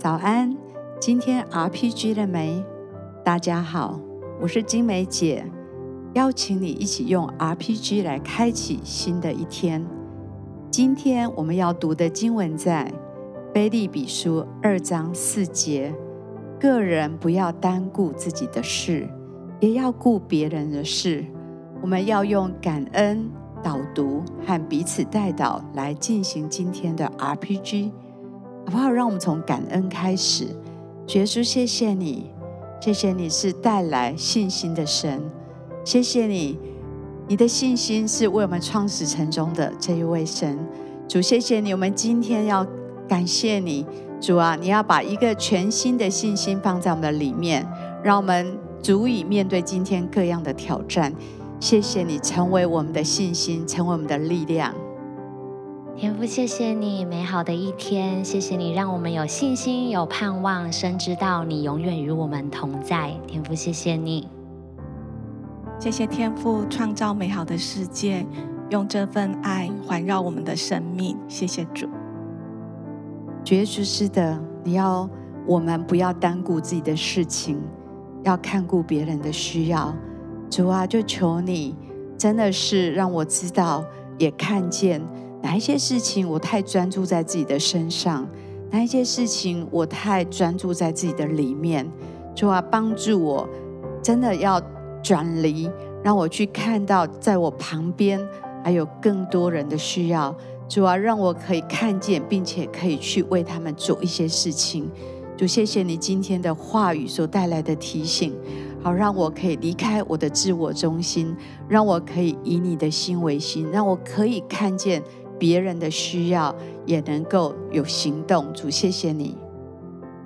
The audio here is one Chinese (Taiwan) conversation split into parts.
早安，今天 RPG 了沒？大家好，我是晶玫姊，邀請你一起用 RPG 來開啟新的一天。今天我們要讀的經文在《腓立比書》二章四節，個人不要單顧自己的事，也要顧別人的事。我們要用感恩導讀和彼此代禱來進行今天的 RPG。好不好？讓我們從感恩開始。耶穌，謝謝你，謝謝你是帶來信心的神，謝謝你，你的信心是為我們創始成終的這一位神。主，謝謝你，我們今天要感謝你。主啊，你要把一個全新的信心放在我們的裡面，讓我們足以面對今天各樣的挑戰。謝謝你，成為我們的信心，成為我們的力量。天父，謝謝你美好的一天，謝謝你讓我們有信心、有盼望，深知道你永遠與我們同在。天父，謝謝你，謝謝天父創造美好的世界，用這份愛環繞我們的生命。謝謝主，確實是的。你要我們不要單顧自己的事情，要看顧別人的需要。主啊，就求你，真的是讓我知道，也看見。哪一些事情我太專注在自己的身上？哪一些事情我太專注在自己的裡面？主啊，幫助我，真的要轉離，讓我去看到在我旁邊還有更多人的需要。主啊，讓我可以看見，並且可以去為他們做一些事情。就謝謝你今天的話語所帶來的提醒，好讓我可以離開我的自我中心，讓我可以以你的心為心，讓我可以看見，別人的需要，也能夠有行動。主，謝謝你。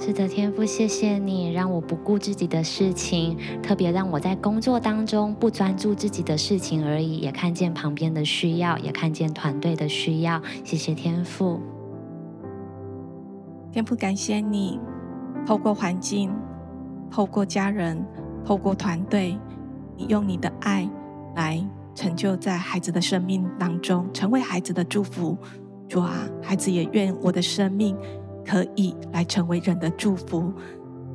是的，天父，謝謝你讓我不顧自己的事情，特別讓我在工作當中不專注自己的事情而已，也看見旁邊的需要，也看見團隊的需要。謝謝天父。天父，感謝你，透過環境，透過家人，透過團隊，你用你的愛來成就在孩子的生命當中，成為孩子的祝福。主啊，孩子也願我的生命可以來成為人的祝福，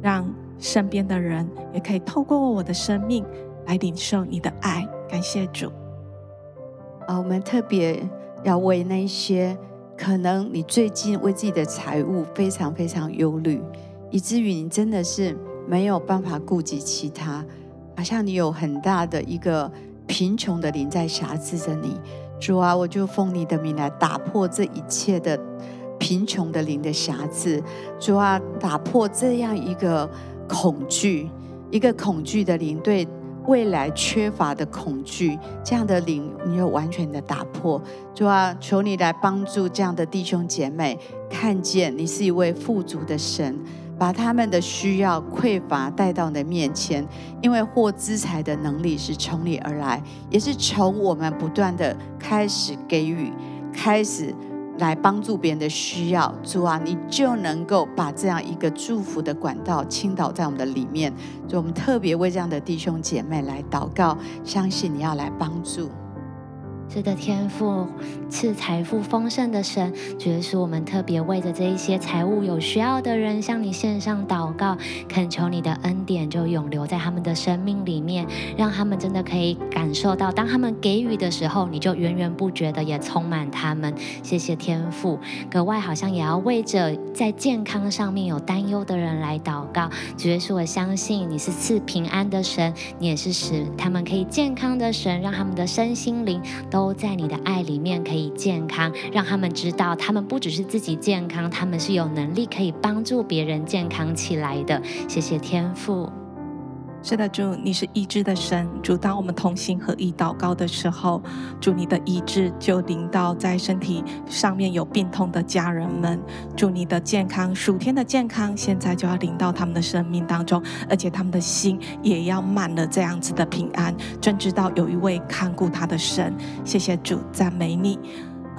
讓身邊的人也可以透過我的生命來領受你的愛。感謝主！啊，我們特別要為那些可能你最近為自己的財務非常非常憂慮，以至於你真的是沒有辦法顧及其他，好像你有很大的一個。貧窮的靈在轄制着你，主啊，我就奉你的名來打破這一切的貧窮的靈的轄制。主啊，打破這樣一個恐懼，一個恐懼的靈對未來缺乏的恐懼，這樣的靈你要完全的打破。主啊，求你來幫助這樣的弟兄姐妹，看見你是一位富足的神。把他們的需要匱乏帶到你的面前，因為獲資財的能力是從你而來，也是從我們不斷的開始給予，開始來幫助別人的需要。主啊，你就能夠把這樣一個祝福的管道傾倒在我們的裡面。所以我們特別為這樣的弟兄姐妹來禱告，相信你要來幫助。這個天父賜財富豐盛的神，主耶穌，我們特別為着這一些財務有需要的人向你獻上禱告，懇求你的恩典就永留在他們的生命裡面，讓他們真的可以感受到，當他們給予的時候，你就源源不絕的也充滿他們。謝謝天父。格外好像也要為着在健康上面有擔憂的人來禱告，主耶穌，我相信你是賜平安的神，你也是使他們可以健康的神，讓他們的身心靈都。都在你的愛裡面可以健康，讓他們知道，他們不只是自己健康，他們是有能力可以幫助別人健康起來的。謝謝天父。是的，主你是醫治的神，主當我們同心合意禱告的時候，主你的醫治就臨到在身體上面有病痛的家人們。主你的健康，屬天的健康，現在就要臨到他們的生命當中，而且他們的心也要滿了這樣子的平安，真知道有一位看顧他的神。謝謝主，讚美你。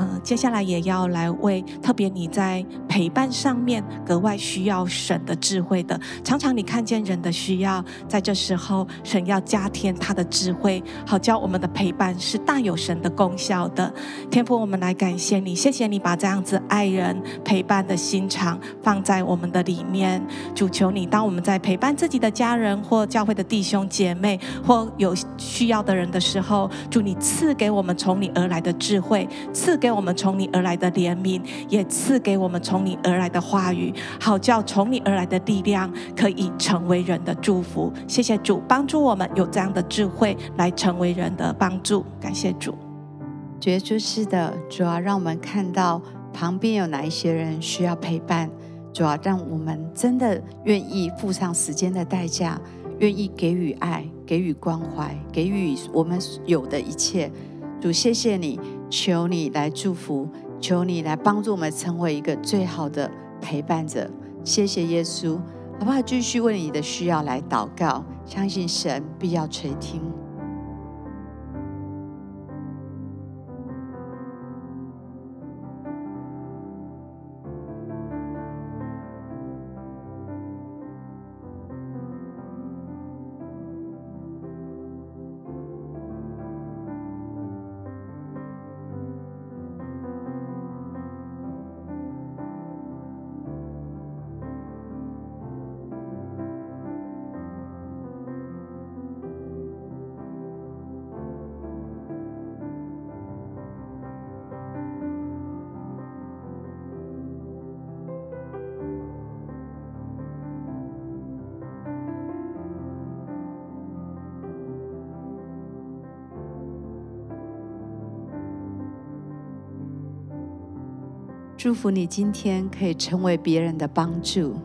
嗯，接下來也要來為特別你在陪伴上面格外需要神的智慧的。常常你看見人的需要，在這時候，神要加添他的智慧，好叫我們的陪伴是大有神的功效的。天父，我們來感謝你，謝謝你把這樣子愛人陪伴的心腸放在我們的裡面。主求你，當我們在陪伴自己的家人或教會的弟兄姐妹或有需要的人的時候，主你賜給我們從你而來的智慧，賜給，我們從你而來的憐憫，也賜給我們從你而來的話語，好叫從你而來的力量可以成為人的祝福。謝謝主，幫助我們有這樣的智慧來成為人的幫助。感謝主，覺得就是的。主啊，讓我們看到旁邊有哪一些人需要陪伴。主啊，讓我們真的願意付上時間的代價，願意給予愛，給予關懷，給予我們有的一切。主，謝謝你。求你來祝福，求你來幫助我們成為一個最好的陪伴者。謝謝耶穌，好不好？繼續為你的需要來禱告，相信神必要垂聽。祝福你今天可以成為別人的幫助。